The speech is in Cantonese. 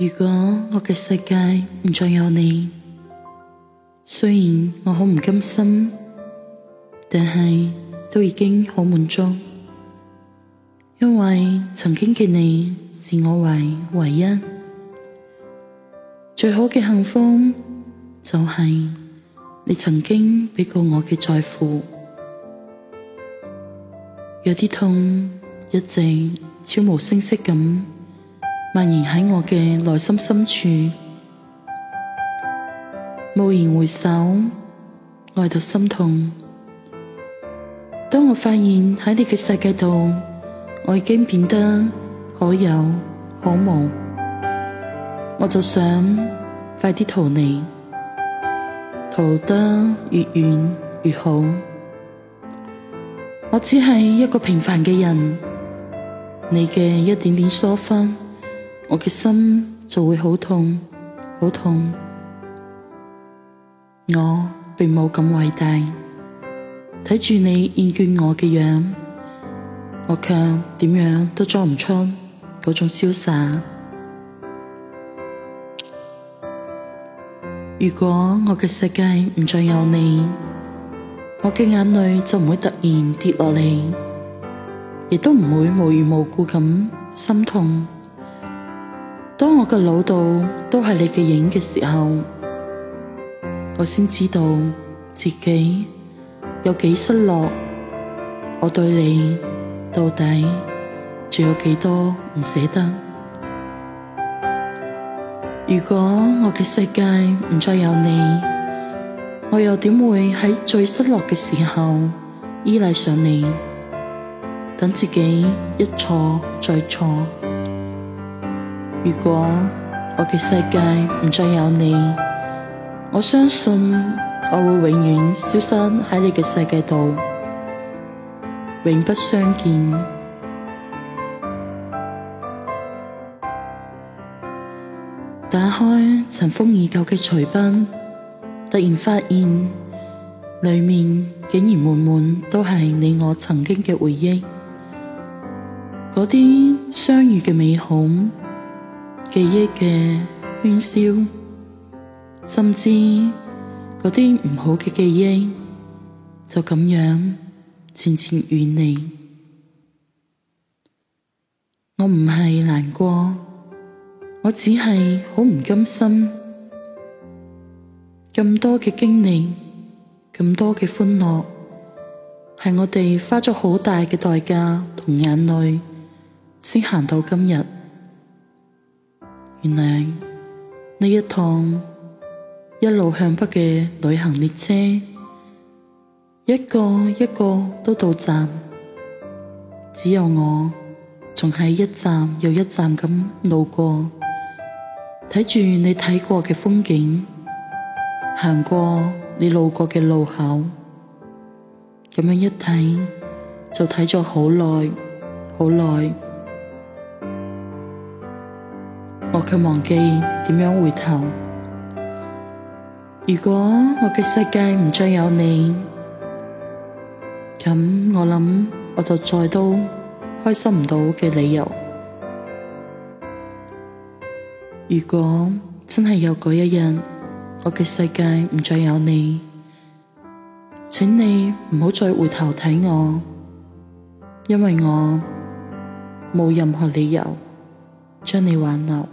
如果我嘅世界唔再有你，雖然我好唔甘心，但係都已經好滿足，因為曾經嘅你是我唯唯一最好嘅幸福，就係你曾經畀過我嘅在乎，有啲痛，一直悄無聲息咁。蔓延喺我嘅內心深處，驀然回首，愛到心痛。當我發現喺你嘅世界度，我已經變得可有可無，我就想快啲逃離，逃得越遠越好。我只係一個平凡嘅人，你嘅一點點疏忽。我嘅心就會好痛，好痛。我並冇咁偉大，睇住你厭倦我嘅樣，我卻點樣都裝唔出嗰種瀟灑。如果我嘅世界唔再有你，我嘅眼淚就唔會突然跌落嚟，亦都唔會無緣無故咁心痛。當我嘅腦度都係你嘅影嘅時候，我先知道自己有幾失落。我對你到底仲有幾多唔捨得？如果我嘅世界唔再有你，我又點會喺最失落嘅時候依賴上你？等自己一錯再錯。如果我嘅世界唔再有你，我相信我會永遠消失喺你嘅世界度，永不相見。打開塵封已久嘅隨筆，突然發現裏面竟然滿滿都係你我曾經嘅回憶，嗰啲相遇嘅美好。記憶嘅喧囂，甚至嗰啲唔好嘅記憶，就咁樣漸漸遠離。我唔係難過，我只係好唔甘心。咁多嘅經歷，咁多嘅歡樂，係我哋花咗好大嘅代價同眼淚，先行到今日。原來呢一趟一路向北嘅旅行列車，一個一個都到站，只有我仲喺一站又一站咁路過，睇住你睇過嘅風景，行過你路過嘅路口，咁樣一睇，就睇咗好耐，好耐。我卻忘記點樣回頭。如果我嘅世界唔再有你，咁我諗我就再都開心唔到嘅理由。如果真係有嗰一日，我嘅世界唔再有你，請你唔好再回頭睇我，因為我冇任何理由將你挽留。